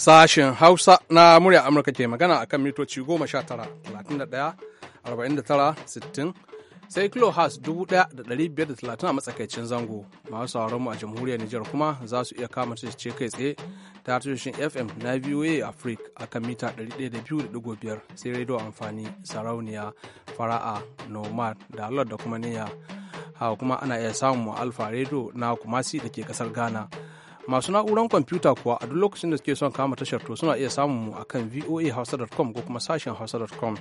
Sashen Hausa na murya Amurka ke magana a kan mitoci 19-31-49-60 sai kilohas 1,530 a matsakaicin zango masu sauranmu mu a jamhuriyar Nijar kuma za su iya kama su ce kai tsaye ta tashoshin FM na VOA Africa a kan mita 102.5 sai rediyo amfani sarauniya fara'a nomad da da kuma niyya. Hawa kuma ana iya samun alfa rediyo na kumasi da ke kasar Ghana. Masu na'uran kwamfuta kuwa a duk lokacin da suke son kama tashar to suna iya samun mu a akan voahausa.com ko kuma sashen hausa.com.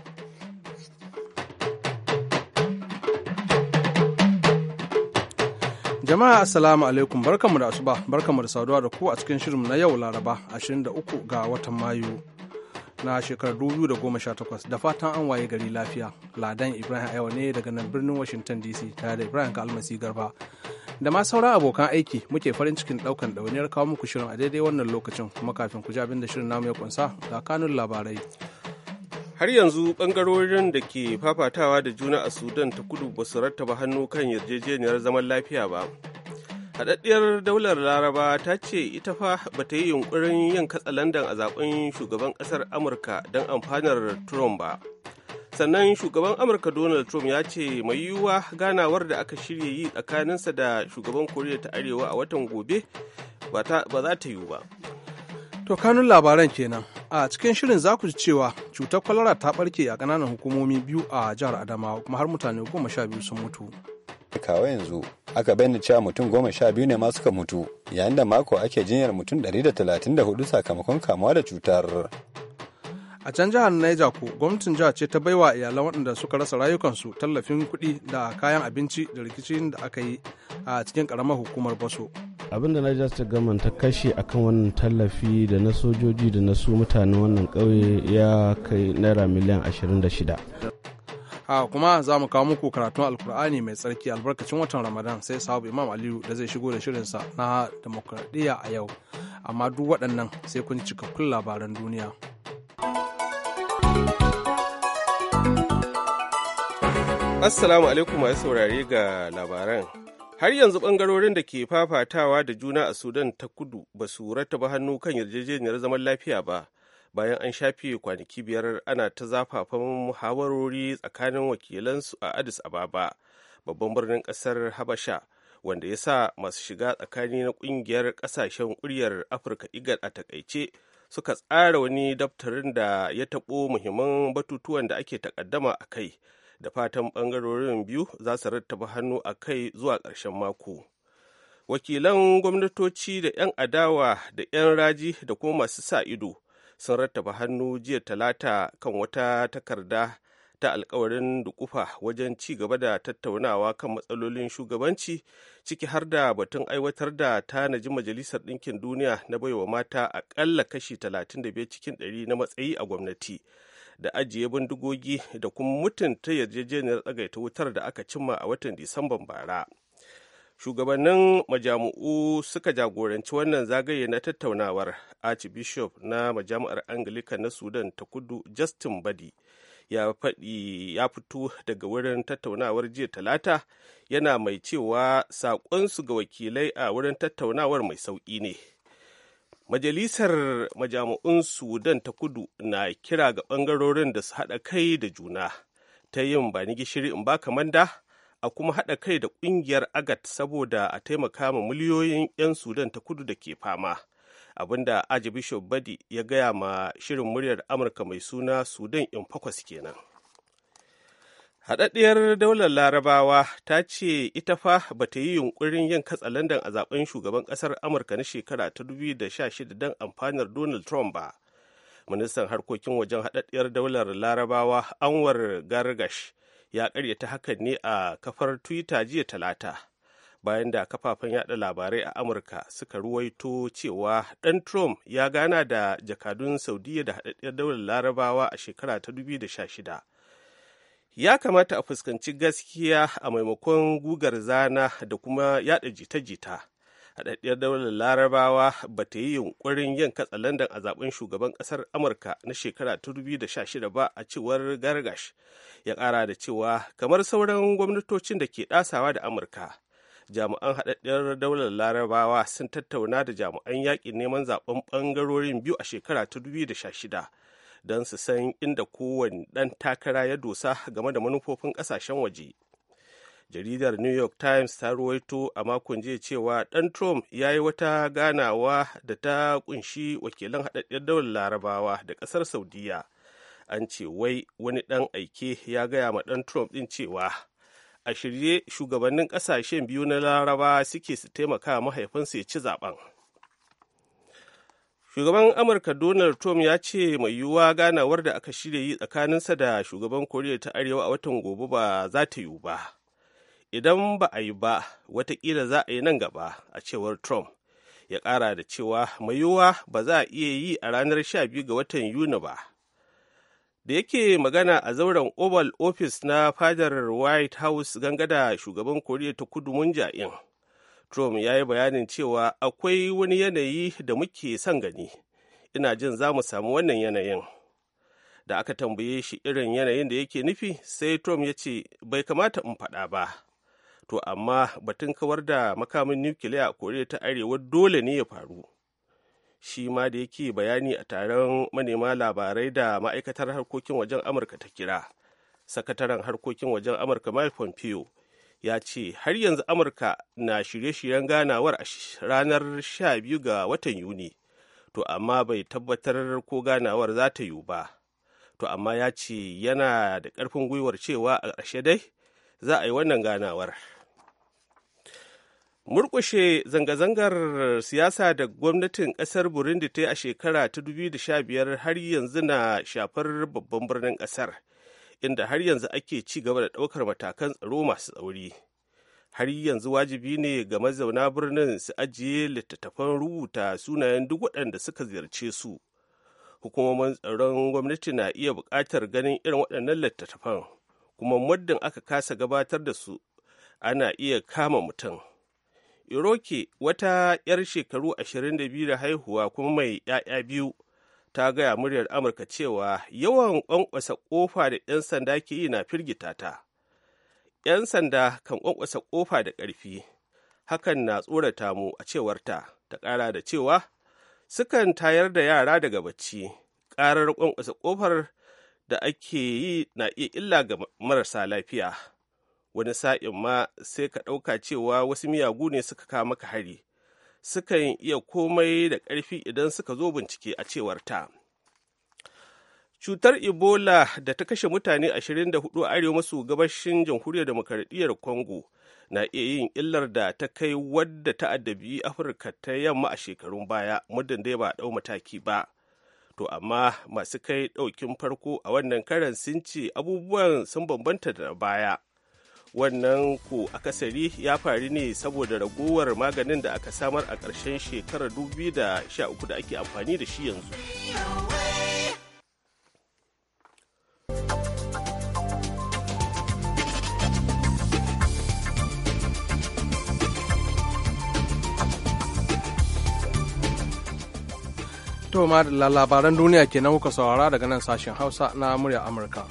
Jama'a assalamu alaikum barkanmu da asuba barkanmu da saduwa da ku a cikin shirin na yau Laraba 23 ga watan Mayu na shekarar 2018 da fatan an waye gari lafiya. Ladan Ibrahim Ayawa ne daga nan birnin Washington DC tare da Ibrahim almasi Garba da ma sauran abokan aiki muke farin cikin daukan ɗauniyar kawo muku shirin a daidai wannan lokacin kuma kafin ku ji abin da shirin namu ya kunsa ga kanun labarai har yanzu bangarorin da ke fafatawa da juna a sudan ta kudu ba su rattaba hannu kan yarjejeniyar zaman lafiya ba haɗaɗɗiyar daular laraba ta ce ita fa ba ta yi yunkurin yin katsalandan a zaben shugaban ƙasar amurka don amfanar trump ba sannan shugaban amurka donald trump ya ce mai yiwuwa ganawar da aka shirya yi tsakaninsa da shugaban koriya ta arewa a watan gobe ba za ta yiwu ba to kanun labaran kenan a cikin shirin za ku ji cewa cutar kwalara ta barke a kananan hukumomi biyu a jihar adamawa kuma har mutane goma sha biyu sun mutu kawo yanzu aka bayyana cewa mutum goma sha biyu ne ma suka mutu yayin da mako ake jinyar mutum 134 sakamakon kamuwa da cutar a can jihar Niger ko gwamnatin jihar ce ta baiwa iyalan waɗanda suka rasa rayukansu tallafin kuɗi da kayan abinci da rikicin da aka yi a cikin karamar hukumar baso abin da Niger State Government ta kashe akan wannan tallafi da na sojoji da na su mutanen wannan ƙauye ya kai naira miliyan 26 a kuma za mu kawo muku karatun alkur'ani mai tsarki albarkacin watan ramadan sai sahabu imam aliyu da zai shigo da shirinsa na demokradiyya a yau amma duk waɗannan sai kun cikakkun labaran duniya Assalamu alaikum masu saurare ga labaran. Har yanzu bangarorin da ke fafatawa da juna a Sudan ta kudu ba su rattaba hannu kan yarjejeniyar zaman lafiya ba, bayan an shafe kwanaki biyar ana ta zafafan muhawarori tsakanin wakilansu a Addis Ababa, babban birnin ƙasar Habasha, wanda ya sa masu shiga tsakani na ƙungiyar ƙasashen ƙuryar Afirka IGAD a takaice suka tsara wani daftarin da ya taɓo muhimman batutuwan da ake takaddama a kai. da fatan bangarorin biyu za su rattaba hannu a kai zuwa ƙarshen mako wakilan gwamnatoci da 'yan adawa da 'yan raji da kuma masu sa ido sun rattaba hannu jiya talata kan wata takarda ta alkawarin dukufa wajen ci gaba da tattaunawa kan matsalolin shugabanci ciki har da batun aiwatar da tanaji majalisar ɗinkin duniya na baiwa mata aƙalla kashi 35 cikin 100 na matsayi a gwamnati da ajiye bindigogi da kuma mutunta yarjejeniyar tsagaita wutar da aka cimma a watan disamban bara shugabannin majamu'u suka jagoranci wannan zagaye na tattaunawar archbishop na majami'ar angilika na sudan ta kudu justin badi ya faɗi ya fito daga wurin tattaunawar jiya talata yana mai cewa saƙonsu ga wakilai a wurin tattaunawar mai sauƙi ne Majalisar Majami'un Sudan ta kudu na kira ga ɓangarorin da su haɗa kai da juna ta yin ba ni gishiri in ba kamanda a kuma haɗa kai da ƙungiyar agat saboda a taimaka ma miliyoyin 'yan Sudan ta kudu da ke fama. Abinda Aji Bishop Badi ya gaya ma shirin muryar Amurka mai suna Sudan in kenan. Haɗaɗɗiyar daular Larabawa ta ce ita fa ba ta yi yunkurin yin katsalandan a zaben shugaban ƙasar Amurka na shekara ta 2016 don amfanar Donald Trump ba. Ministan harkokin wajen haɗaɗɗiyar daular Larabawa Anwar Gargash ya ƙaryata hakan ne a kafar Twitter jiya talata. Bayan da kafafen yada labarai a Amurka suka ruwaito cewa ɗan Trump ya gana da jakadun Saudiya da haɗaɗɗiyar daular Larabawa a shekara ta 2016. ya kamata a fuskanci gaskiya a maimakon gugar zana da kuma yada jita-jita haɗaɗɗiyar daular larabawa ba ta yi yunkurin yin Landan a zaben shugaban ƙasar amurka na shekara 2016 ba a cewar gargash ya ƙara da cewa kamar sauran gwamnatocin da ke ɗasawa da amurka jami'an haɗaɗɗiyar daular larabawa sun tattauna da jami'an yaƙin neman zaben ɓangarorin biyu a shekara 2016 don su san inda kowane ɗan takara ya dosa game da manufofin ƙasashen waje jaridar new york times ta ruwaito a makon jiya cewa ɗan trump ya yi wata ganawa da ta ƙunshi wakilan haɗaɗɗen daular larabawa da ƙasar saudiya an ce wai wani ɗan aike ya gaya ma ɗan trump ɗin cewa a shirye shugabannin ƙasashen biyu na laraba suke su taimaka mahaifinsu ya ci zaɓen. shugaban amurka donald trump ya ce mai yiwuwa ganawar da aka shirya yi tsakaninsa da shugaban koriya ta arewa a watan gobe ba za ta yiwu ba idan ba a yi ba watakila za a yi nan gaba a cewar trump ya kara da cewa mai yiwuwa ba za a iya yi a ranar 12 ga watan yuni ba da yake magana a zauren oval office na fadar white house gangada shugaban koriya ta kudu mun ja'in Trump ya yi bayanin cewa akwai wani yanayi da muke son gani, ina jin za mu samu wannan yanayin. Da aka tambaye shi irin yanayin da yake nufi, sai Trump ya ce bai kamata in faɗa ba. To amma batun kawar da makamin nukiliya a Koriya ta Arewa dole ne ya faru. Shi ma da yake bayani a taron manema labarai da ma'aikatar harkokin wajen Amurka ta kira. Sakataren harkokin wajen Amurka Mike Pompeo ya ce har yanzu amurka na shirye-shiryen ganawar a ranar 12 ga watan yuni to amma bai tabbatar ko ganawar za ta yiwu ba to amma ya ce yana da ƙarfin gwiwar cewa a ƙarshe dai za a yi wannan ganawar murkushe zanga-zangar siyasa da gwamnatin ƙasar burundi ta yi a shekara ta 2015 har yanzu na shafar babban birnin ƙasar inda har yanzu ake ci gaba da ɗaukar matakan tsaro masu tsauri har yanzu wajibi ne ga mazauna birnin su ajiye littattafan rubuta sunayen duk waɗanda suka ziyarce su hukumomin tsaron gwamnati na iya buƙatar ganin irin waɗannan littattafan kuma muddin aka kasa gabatar da su ana iya kama mutum iroke wata 'yar shekaru 22 da haihuwa kuma mai 'ya'ya biyu ta gaya muryar amurka cewa yawan ƙwanƙwasa ƙofa da 'yan sanda ke yi na firgita ta 'yan sanda kan kwankwasa ƙofa da ƙarfi hakan na tsorata mu a cewarta ta ƙara da cewa sukan tayar da yara daga bacci ƙarar kwankwasa ƙofar da ake yi na iya illa ga marasa lafiya wani sa'in ma sai ka ɗauka cewa wasu miyagu ne suka maka hari sukan iya komai da ƙarfi idan suka zo bincike a cewar ta. Cutar Ebola da ta kashe mutane 24 a arewa maso gabashin jamhuriyar demokaradiyyar Congo na iya yin illar da ta kai wadda ta addabi Afirka ta yamma a shekarun baya muddin dai ba a ɗau mataki ba. To amma masu kai ɗaukin farko a wannan karan sun ce abubuwan sun bambanta da baya. wannan ko akasari ya faru ne saboda ragowar maganin da aka samar a ƙarshen shekarar 2013 da sha uku da ake amfani da shi yanzu To ma da labaran duniya ke kenan kuka saurara daga nan sashen Hausa na murya Amurka.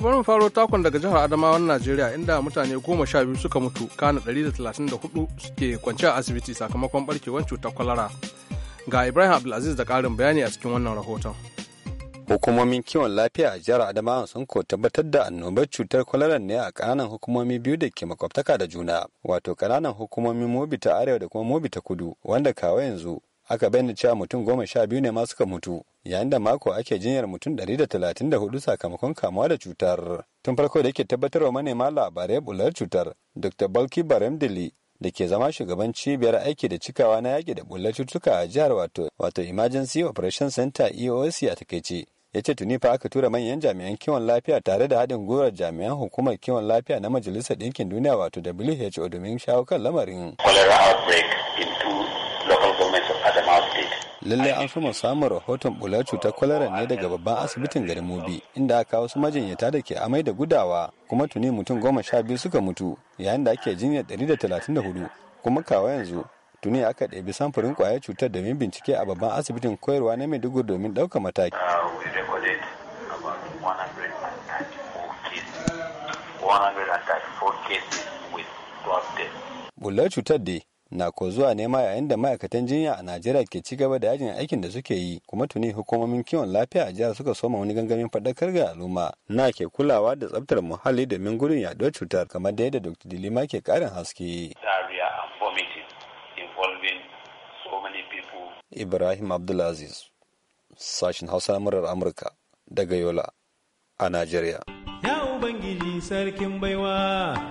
to bari mu faro takon daga jihar adamawan najeriya inda mutane goma sha biyu suka mutu kana 134 suke kwance a asibiti sakamakon barkewar cutar kwalara ga ibrahim abdulaziz da ƙarin bayani a cikin wannan rahoton hukumomin kiwon lafiya a jihar adamawa sun ko tabbatar da annobar cutar kwalara ne a kananan hukumomi biyu da ke makwabtaka da juna wato kananan hukumomin mobi ta arewa da kuma mobi ta kudu wanda kawo yanzu aka bayyana cewa mutum goma sha biyu ne ma suka mutu yayin da mako ake jinyar mutum ɗari da talatin da hudu sakamakon kamuwa da cutar tun farko da yake tabbatar wa manema labarai bular cutar dr balki baremdili da ke zama shugaban cibiyar aiki da cikawa na yaƙi da bular cututtuka a jihar wato wato emergency operation center eoc a takaice ya ce tuni fa aka tura manyan jami'an kiwon lafiya tare da haɗin gwiwar jami'an hukumar kiwon lafiya na majalisar ɗinkin duniya wato who domin shawo kan lamarin. lallai an soma samun rahoton bula cutar kwalara ne daga babban asibitin garin mubi inda aka wasu majinyata da ke amai da gudawa kuma tuni mutum goma sha biyu suka mutu yayin da ake jinyar ɗari da talatin da hudu kuma kawo yanzu tuni aka ɗebi samfurin kwayar cutar da bincike a babban asibitin koyarwa na maiduguri domin ɗaukar mataki bular cutar dai na ko zuwa nema yayin da ma'aikatan jinya a Najeriya ke ci gaba da yajin aikin da suke yi kuma tuni hukumomin kiwon lafiya a jihar suka soma wani gangamin faɗakar ga al'umma na ke kulawa da tsabtar muhalli domin gudun yaɗuwar cutar kamar da yadda Dr. Dilima ke karin haske. Ibrahim Abdulaziz, sashen Hausa na murar Amurka daga Yola a Najeriya. Ya Ubangiji sarkin baiwa.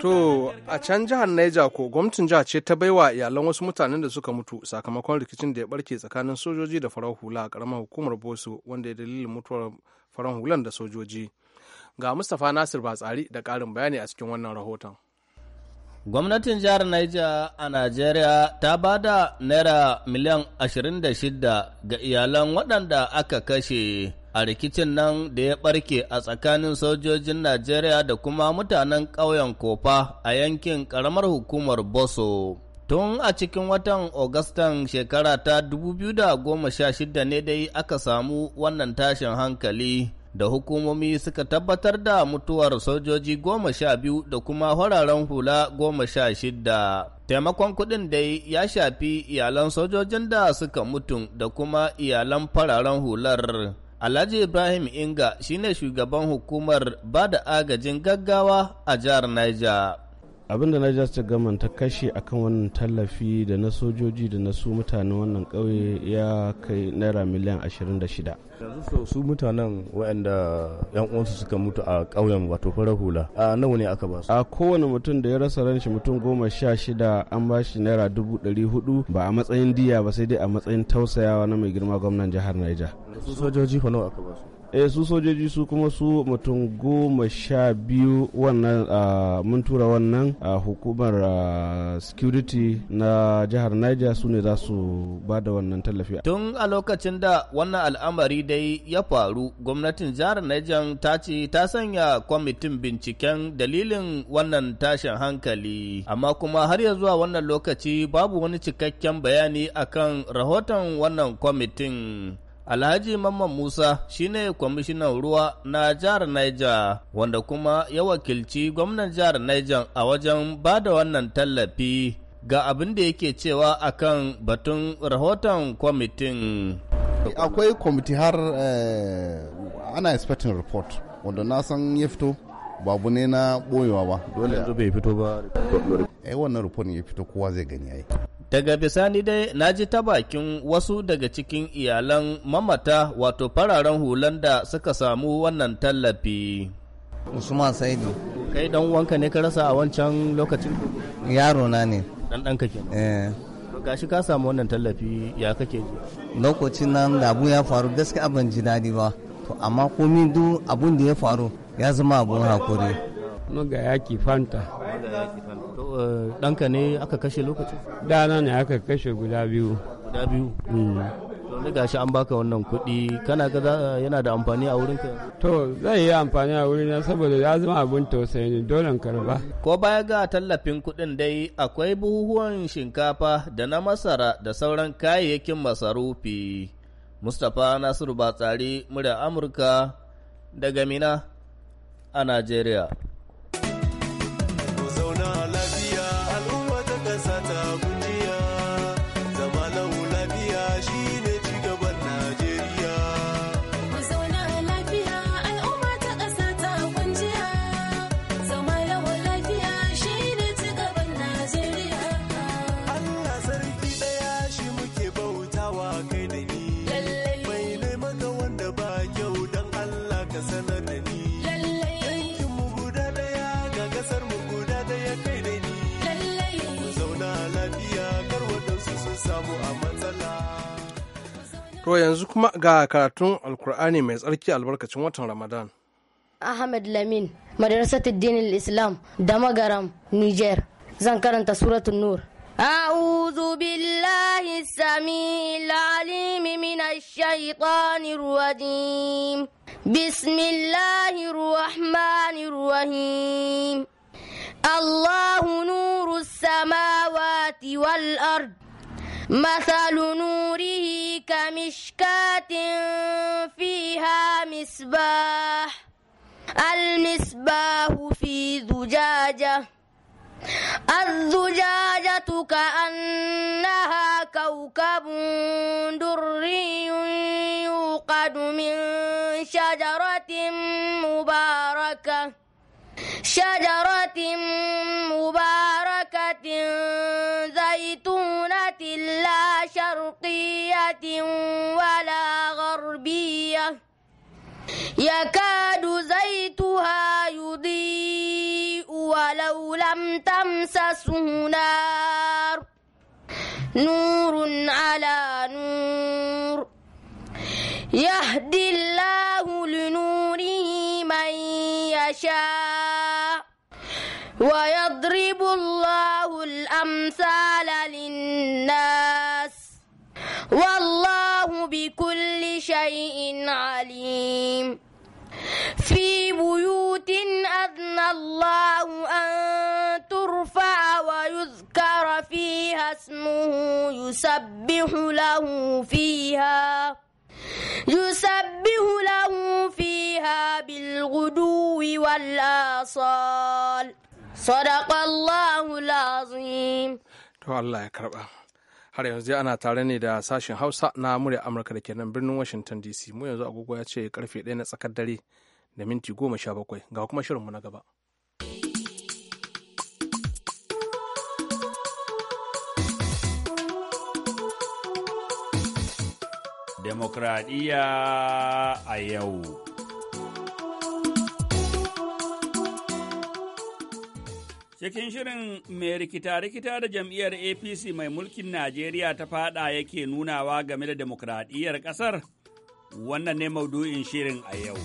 To a can jihar Niger ko gwamnatin jihar ce ta baiwa iyalan wasu mutanen da suka mutu sakamakon rikicin da ya barke tsakanin sojoji da farar hula a karamar hukumar Boso wanda ya dalilin mutuwar farar hulan da sojoji. Ga Mustapha Nasir Batsari da ƙarin bayani a cikin wannan rahoton. Gwamnatin jihar Niger a Najeriya ta ba da Naira miliyan 26 ga iyalan waɗanda aka kashe a rikicin nan da ya barke a tsakanin sojojin Najeriya da kuma mutanen ƙauyen Kofa a yankin ƙaramar hukumar Boso. Tun a cikin watan Agustan shekara ta 2016 ne dai aka samu wannan tashin hankali da hukumomi suka tabbatar da mutuwar sojoji goma sha biyu da kuma hararen hula goma sha shidda. Taimakon kuɗin dai ya shafi iyalan sojojin da suka mutu da kuma iyalan fararen hular. Alhaji Ibrahim Inga shine shugaban hukumar ba da agajin gaggawa a jihar Niger. abin da Niger State Government ta kashe akan wannan tallafi da na sojoji da na su mutanen wannan ƙauye ya kai naira miliyan 26 yanzu su mutanen waɗanda yan uwansu suka mutu a ƙauyen wato fara hula a nawa ne aka ba su a kowane mutum da ya rasa ran shi mutum goma sha shida an ba shi naira dubu ɗari hudu ba a matsayin diya ba sai dai a matsayin tausayawa na mai girma gwamnan jihar Niger su sojoji fa nawa aka ba su eh su sojoji su kuma su mutum goma sha biyu wannan mun tura wannan hukumar security na jihar niger su ne za su ba da wannan tallafi tun a lokacin da wannan al'amari dai ya faru gwamnatin jihar niger ta ce ta sanya kwamitin binciken dalilin wannan tashin hankali amma kuma har ya zuwa wannan lokaci babu wani cikakken bayani akan rahoton wannan kwamitin Alhaji Mamman Musa shine kwamishinan ruwa na jihar Niger wanda kuma ya wakilci gwamnan jihar Niger a wajen ba da wannan tallafi ga abin da yake cewa akan batun rahoton kwamitin. Akwai kwamiti har eh, ana expecting report wanda na san ya fito babu ne na boyewa ba. Dole yanzu bai fito ba. Eh wannan report ya fito kowa zai gani yayi. Daga bisani dai na ji ta bakin wasu daga cikin iyalan mamata wato fararen hulan da suka samu wannan tallafi. Usman Saidu. Kai dan wanka ne ka rasa a wancan lokacin? Yaro na ne. Dan ɗanka ke. Ga eh. Gashi ka samu wannan tallafi ya kake ji? Lokacin nan da abu ya faru gaskiya ban ji daɗi ba. To amma komi duk abun da ya faru ya zama abun hakuri. Maga yaki fanta. Eh, ɗanka ne aka kashe lokacin? Dana ne aka kashe guda biyu. Guda biyu? Wani mm. gashi an baka wannan kuɗi kana ga yana da amfani a wurin ka. To zai yi amfani a wurina saboda ya zama abin tausayi ne dole karba. Ko baya ga tallafin kuɗin dai akwai buhuhuwan shinkafa da na masara da sauran kayayyakin masarufi. Mustapha Nasiru Batsari, murya Amurka daga Mina a Najeriya. To yanzu kuma ga karatun Alkur'ani mai tsarki albarkacin watan Ramadan. Ahmed Lamin, Madrasat Addinin Islam, Damagaram, Niger. Zan karanta suratun Nur. أعوذ بالله السميع العليم من الشيطان الرجيم بسم الله الرحمن الرحيم الله نور السماوات والأرض مثل نوره كمشكاة فيها مصباح المصباح في زجاجة الزجاجة كأنها كوكب دري يوقد من شجرة مباركة شجرة مباركة زيتون إلا شرقية ولا غربية يكاد زيتها يضيء ولو لم تمسسه نار نور على نور يهدي الله لنوره من يشاء ويضرب الله الأمثال للناس عليم في بيوت أذن الله أن ترفع ويذكر فيها اسمه يسبح له فيها يسبح له فيها بالغدو والآصال صدق الله العظيم الله Allah har yanzu ana tare ne da sashen hausa na murya amurka da ke nan birnin washington dc mu yanzu agogo ya ce karfe ɗaya na tsakar dare da minti goma sha bakwai ga kuma shirinmu na gaba demokradiyya a yau Cikin shirin mai rikita-rikita da jam'iyyar APC mai mulkin Najeriya ta fada yake nunawa game da demokradiyyar ƙasar, wannan ne maudu'in shirin a yau.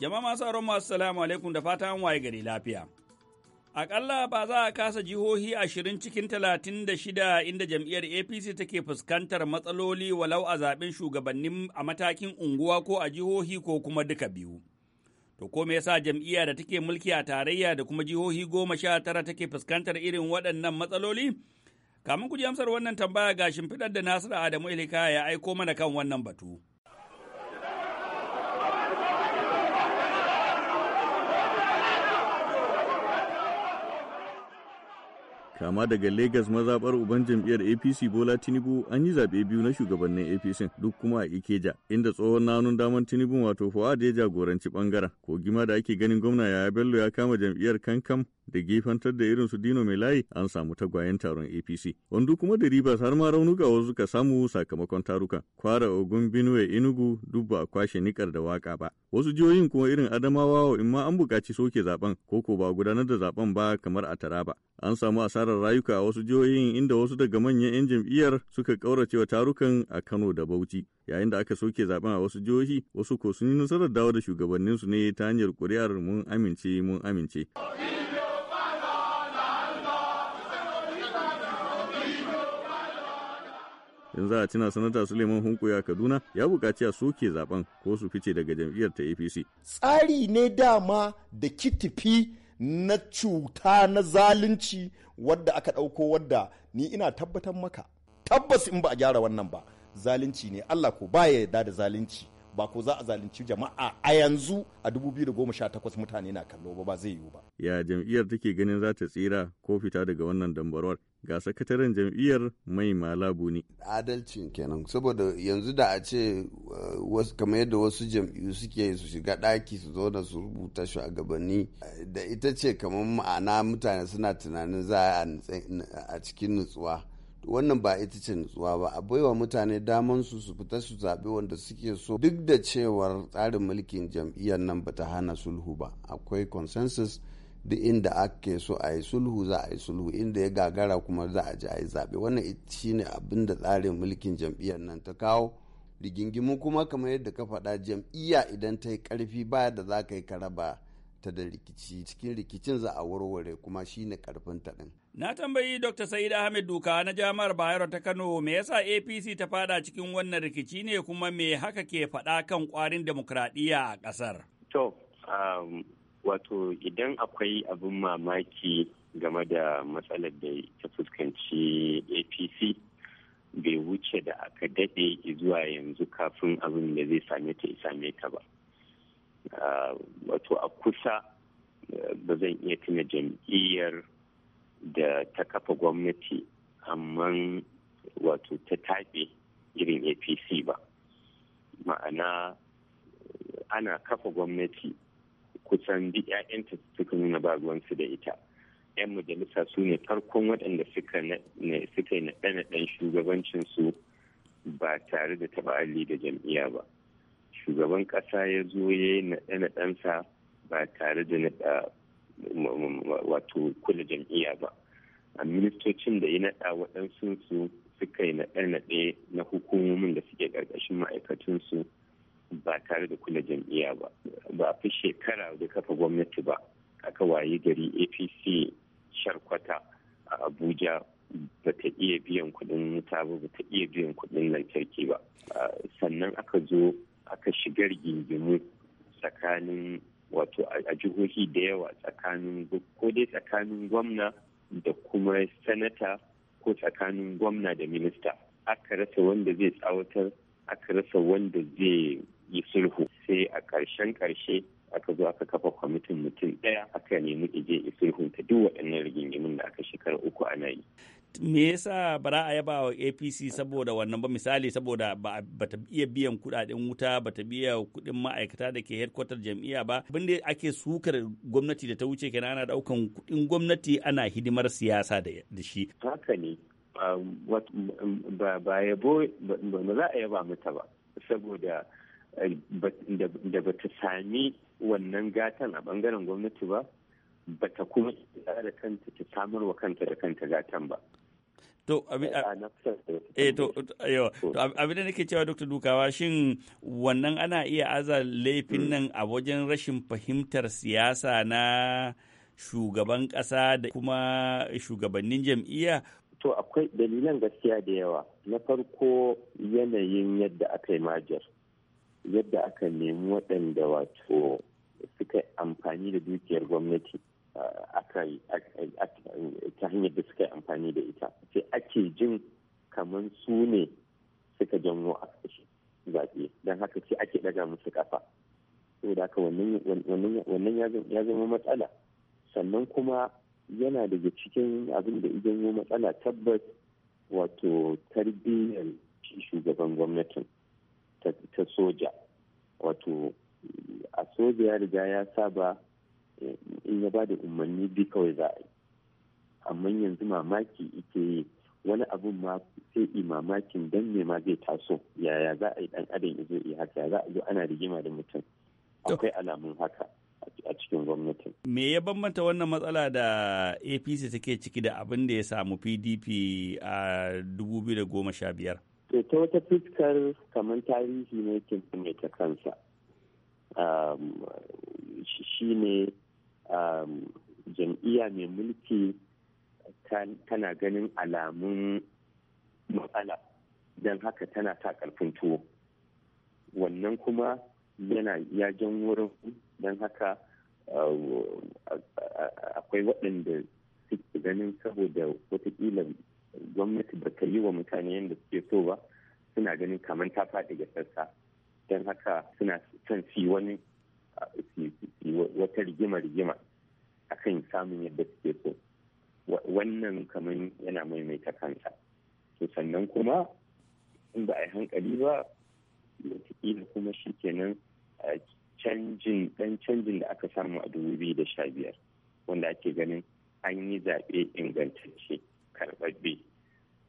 Jama'a masu auren masu salamu alaikum da fatan waye gari lafiya. Aƙalla ba za a kasa jihohi ashirin cikin talatin da shida inda jam'iyyar APC take fuskantar matsaloli walau a zaɓen shugabannin a matakin unguwa ko a jihohi ko kuma duka biyu. To ko me yasa jam'iyya da take mulki a tarayya da kuma jihohi goma sha tara take fuskantar irin waɗannan matsaloli? Kamin ku ji amsar wannan tambaya ga shimfiɗar da Nasiru Adamu Ilika ya aiko mana kan wannan batu. kama daga Legas mazabar uban jam'iyyar APC Bola Tinubu an yi zaɓe biyu na shugabannin APC duk kuma a Ikeja inda tsohon nanun daman Tinubu wato Fuad ya jagoranci ɓangaren Kogima da ake ganin gwamna Yaya Bello ya kama jam'iyyar Kankam da gefantar da irin su Dino mai layi an samu tagwayen taron APC. wanda kuma da ribas har ma raunuka wasu ka samu sakamakon tarukan. Kwara Ogun Benue inugu duk ba kwashe nikar da waka ba. Wasu jihohin kuma irin Adamawa in ma an buƙaci soke zaben ko ko ba gudanar da zaben ba kamar a Taraba. An samu asarar rayuka a wasu jihohin inda wasu daga manyan 'yan jam'iyyar suka ƙaurace wa tarukan a Kano da Bauchi. Yayin da aka soke zaben a wasu jihohi, wasu ko sun yi nasarar dawo da shugabanninsu ne ta hanyar ƙuri'ar mun amince mun amince. in za a tuna sanata suleiman hunkuya kaduna ya bukaci a soke zaben ko su fice daga jam'iyyar ta apc tsari ne dama da kitifi na cuta na zalunci wadda aka ɗauko wadda ni ina tabbatar maka tabbas in ba a gyara wannan ba zalunci ne allah ko ba ya yarda da zalunci ba ko za a zalunci jama'a a yanzu a 2018 mutane na kallo ba ba zai yiwu ba. Ya jam'iyyar take ganin za ta tsira ko fita daga wannan dambarwar ga sakataren jam'iyyar mai malabu ne. Adalcin kenan saboda yanzu da a ce uh, kamar yadda wasu jam'iyyu suke su shiga ɗaki su zo da su rubuta shugabanni da ita ce kamar ma'ana mutane suna tunanin za a cikin nutsuwa. wannan ba ita ce nutsuwa ba a baiwa mutane daman su su fita su zaɓe wanda suke so duk da cewar tsarin mulkin jam'iyyar nan bata hana sulhu ba akwai consensus duk inda ake so a yi sulhu za a yi sulhu inda ya gagara kuma za a ji a yi zaɓe wannan ne abin da tsarin mulkin jam'iyyar nan ta kawo rigingimu kuma kamar yadda ka faɗa jam'iyya idan ta yi ƙarfi baya da za ka yi karaba ta da rikici cikin rikicin za a warware kuma shi ne karfin ta ɗin. Na tambayi Dr. Sa'id Ahmed Duka na Jami'ar Bayero ta Kano me yasa APC ta fada cikin wannan rikici ne kuma me haka ke faɗa kan ƙwarin demokradiyya a ƙasar. Um, wato idan akwai abin mamaki game da matsalar da ta fuskanci apc bai wuce da aka daɗe zuwa yanzu kafin abin da zai same ta same ta ba ah, wato a kusa eh, ba zan iya tuna jam'iyyar da ta kafa gwamnati amma wato ta taɓe irin apc ba ma'ana eh, ana kafa gwamnati kusan duk 'ya'yanta suka nuna ba ruwansu da ita 'yan majalisa su ne farkon waɗanda suka yi naɗe-naɗen shugabancinsu ba tare da taɓa alli da jam'iyya ba shugaban ƙasa ya zo ya yi naɗe sa ba tare da naɗa wato kula jam'iyya ba a ministocin da ya naɗa waɗansu su suka yi naɗe-naɗe na hukumomin da suke ƙarƙashin ma'aikatunsu ba tare da kula jam'iyya ba ba fi shekara da kafa gwamnati ba aka waye gari apc sharkwata a abuja ba ta iya biyan kudin wuta ba ba ta iya biyan kudin lantarki ba sannan aka zo aka shigar gingimu tsakanin wato a jihohi da yawa tsakanin ko dai tsakanin gwamna da kuma sanata ko tsakanin gwamna da minista aka rasa wanda zai tsawatar aka rasa wanda zai yi sulhu sai a ƙarshen ƙarshe aka zo aka kafa kwamitin mutum ɗaya aka nemi ije sulhu ta duk waɗannan rigingimin da aka shekara uku ana yi. Me yasa ba za a yaba wa APC saboda wannan ba misali saboda ba ta iya biyan kuɗaɗen wuta ba ta biya kuɗin ma'aikata da ke headquarter jam'iyya ba abinda ake sukar gwamnati da ta wuce kenan ana ɗaukan kuɗin gwamnati ana hidimar siyasa da shi. Haka ne ba yabo ba za a yaba mata ba saboda da ba ta sami wannan gatan a bangaren gwamnati ba ba ta kuma tsara kanta ta samar wa kanta da kanta gatan ba. To, abin da nake cewa Dr. Dukawa shin wannan ana iya aza laifin mm. nan a wajen rashin fahimtar siyasa na shugaban kasa da kuma shugabannin jam'iyya? To, akwai dalilan gaskiya da yawa. Na farko yanayin yadda aka yi majar. yadda aka nemi waɗanda wato suka amfani da dukiyar gwamnati ta hanyar da suka amfani da ita sai ake jin kamar su ne suka janwo a ƙarshe zaɓe don haka sai ake ɗaga musu ƙafa saboda haka wannan ya zama matsala sannan kuma yana daga cikin abin da janyo matsala tabbas wato tarbiyyar shugaban gwamnatin ta soja wato a soja ya riga ya saba eh, in ya ba da umarni bi kawai za a yi amma yanzu mamaki ike yi wani abun ma sai i mamakin dan ne ma zai taso yaya za a yi dan adam izo iya haka ya za a zo ana rigima da mutum akwai alamun haka a cikin gwamnatin. Me ya bambanta wannan matsala da APC take ciki da abin da ya samu PDP a 2015? to ta wata fuskar kamar tarihi ne ke ta kansa um, shi ne um, jam'iyya mai mulki tana ganin alamun matsala don haka tana ta karfin tuwo wannan kuma yana ya jan wurin don haka um, akwai waɗanda suke ganin saboda watakila gwamnati ba ta yi wa mutane yadda suke so ba suna ganin kamar ta faɗi ga sassa don haka suna son su wani wata rigima-rigima akan samun yadda suke so wannan kamar yana maimaita kansa to sannan kuma in ba a yi hankali ba wataƙila kuma shi kenan canjin ɗan canjin da aka samu a 2015 wanda ake ganin an yi zaɓe ingantacce bi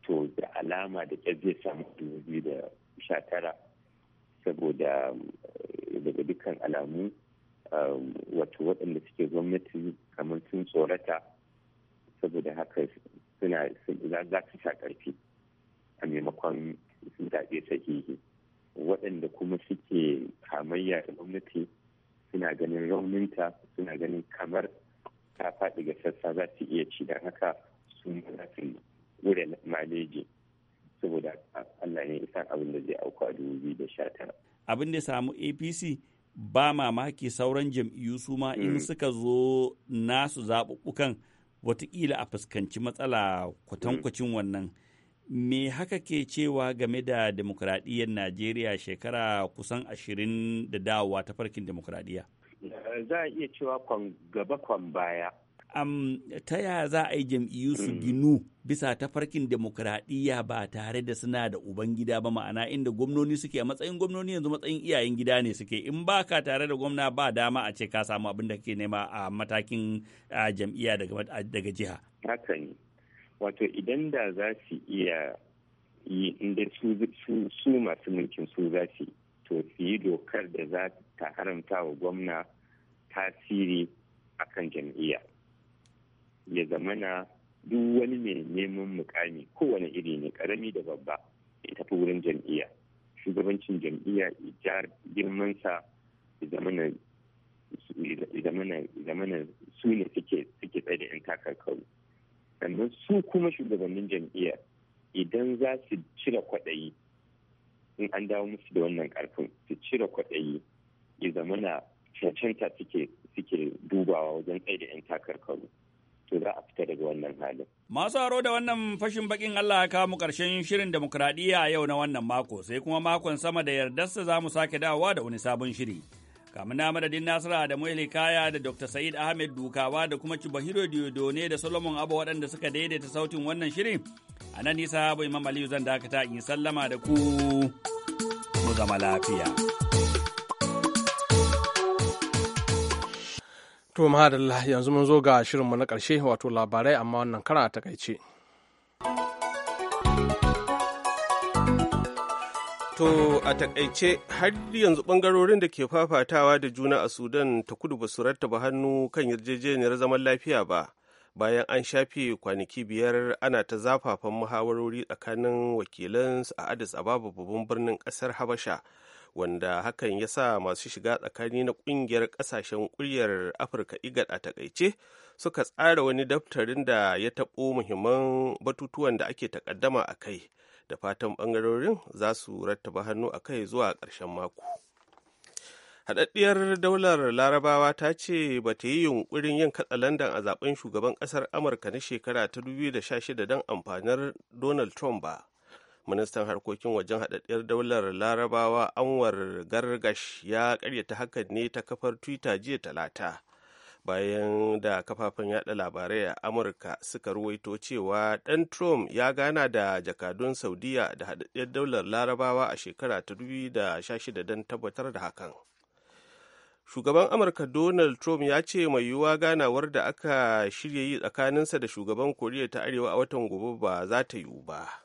to da alama da ƙyar zai samu dubu da sha tara saboda eh, daga dukkan alamu um, wato waɗanda suke gwamnati kamar sun tsorata saboda haka suna za su sa ƙarfi a maimakon sun zaɓe sahihi waɗanda kuma suke hamayya da gwamnati suna ganin rauninta suna ganin kamar ta faɗi ga sassa za su iya ci don haka sun da wurin maleji saboda Allah ne isa abin da zai auka tara. Abin da samu APC ba mamaki sauran jam'iyyu su ma in mm. suka zo nasu zaɓuɓɓukan watakila a fuskanci matsala kwatankwacin mm. wannan. Me haka ke cewa game da demokuraɗiyyar Najeriya shekara kusan ashirin da dawowa ta farkin demokuraɗiyya? Za a iya cewa gaba kwan baya. um, ta ya za a yi jam'iyyu su mm. ginu bisa tafarkin demokradiyya ba tare da suna da ubangida ba ma'ana inda gwamnoni suke a matsayin gwamnoni yanzu matsayin iyayen gida ne suke in ba ka tare da gwamna ba dama a ce ka samu abin da ke nema a matakin jam'iyya daga jiha. Hakan wato idan da za su iya yi inda su masu mulkin su za su to su yi dokar da za ta haramta wa gwamna tasiri akan jam'iyya. ya zamana duk wani mai neman mukami kowane iri ne karami da babba ya tafi wurin jam'iyya shugabancin jam'iyya ya girmansa ya zamana su ne suke tsaye da 'yan sannan su kuma shugabannin jam'iyya idan za su cire kwaɗayi in an dawo musu da wannan ƙarfin su cire kwaɗayi ya zamana cancanta suke dubawa wajen tsaye da 'yan takarkaru to za a fita daga wannan halin. Masu haro da wannan fashin bakin Allah ya kawo mu karshen shirin demokuraɗiyya a yau na wannan mako sai kuma makon sama da yardarsa za mu sake dawowa da wani sabon shiri. Kamun na madadin Nasira da Muhili Kaya da Dr. Sa'id Ahmed Dukawa da kuma Cibahiro Diodone da Solomon Abba waɗanda suka daidaita sautin wannan shirin. A nan nisa Abu Imam Aliyu zan dakata in sallama da ku mu zama lafiya. To mahadalla yanzu mun zo ga shirinmu na ƙarshe wato labarai amma wannan kara a takaice. To a takaice har yanzu bangarorin da ke fafatawa da juna a Sudan ta kudu ba su rattaba hannu kan yarjejeniyar zaman lafiya ba bayan an shafe kwanaki biyar ana ta zafafan muhawarori tsakanin wakilansu a Addis Ababa babban birnin ƙasar Habasha. wanda hakan ya sa masu shiga tsakani na kungiyar kasashen kuryar afirka Igad a takaice suka tsara wani daftarin da ya taɓo muhimman batutuwan da ake takaddama a kai da fatan bangarorin za su rattaba hannu a kai zuwa ƙarshen mako haɗaɗɗiyar daular larabawa ta ce ba ta yi yunƙurin yin katsalandan a zaben shugaban ƙasar amurka na shekara ta 2016 don amfanar donald trump ba ministan harkokin wajen haɗaɗɗiyar daular larabawa anwar gargash ya karyata hakan ne ta kafar twitter jiya talata bayan da kafafen yada labarai a amurka suka ruwaito cewa dan trump ya gana da jakadun saudiya da haɗaɗɗiyar daular larabawa a shekara ta da 2016 don tabbatar da hakan shugaban amurka donald trump ya ce mai yiwuwa ganawar da aka shirya yi tsakaninsa da shugaban koriya ta arewa a watan gobe ba za ta yiwu ba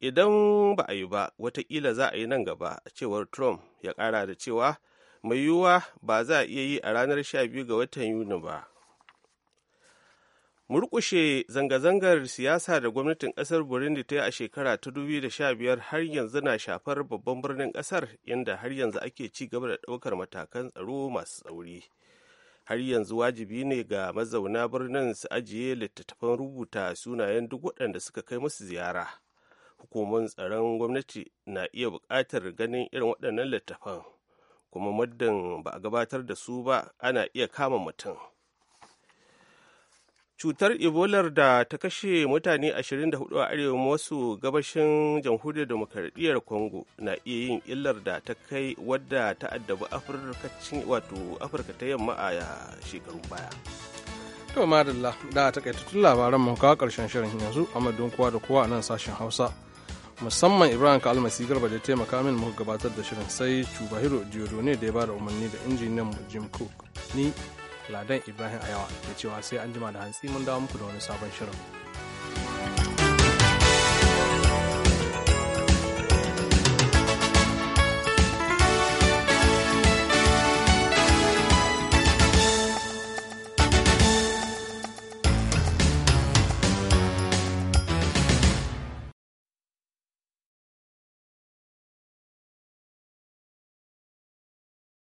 idan ba a yi ba wataƙila za a yi nan gaba cewar trump ya ƙara da cewa mai yiwuwa ba za a iya yi a ranar 12 ga watan yuni ba murkushe zanga-zangar siyasa da gwamnatin kasar burundi ta yi a shekara ta 2015 har yanzu na shafar babban birnin kasar inda har yanzu ake ci gaba da ɗaukar matakan tsaro masu tsauri har yanzu wajibi ne ga mazauna birnin su ajiye littattafan rubuta sunayen duk waɗanda suka kai musu ziyara hukumomin tsaron gwamnati na iya buƙatar ganin irin waɗannan littafan kuma muddin ba a gabatar da su ba ana iya kama mutum cutar ebolar da ta kashe mutane 24 a arewa masu gabashin jamhuriyar demokaradiyyar congo na iya yin illar da ta kai wadda ta addabi afirka ta yamma a shekaru baya to madalla da tutun labaran mu kawo karshen shirin yanzu don kowa da kowa a nan sashen hausa musamman ibrahim kalmasi garba da taimaka min muka gabatar da shirin sai cubahiro diodo ne da ya ba da umarni da injiniyan mu jim cook ni ladan ibrahim ayawa da cewa sai an jima da hantsi mun dawo muku da wani sabon shirin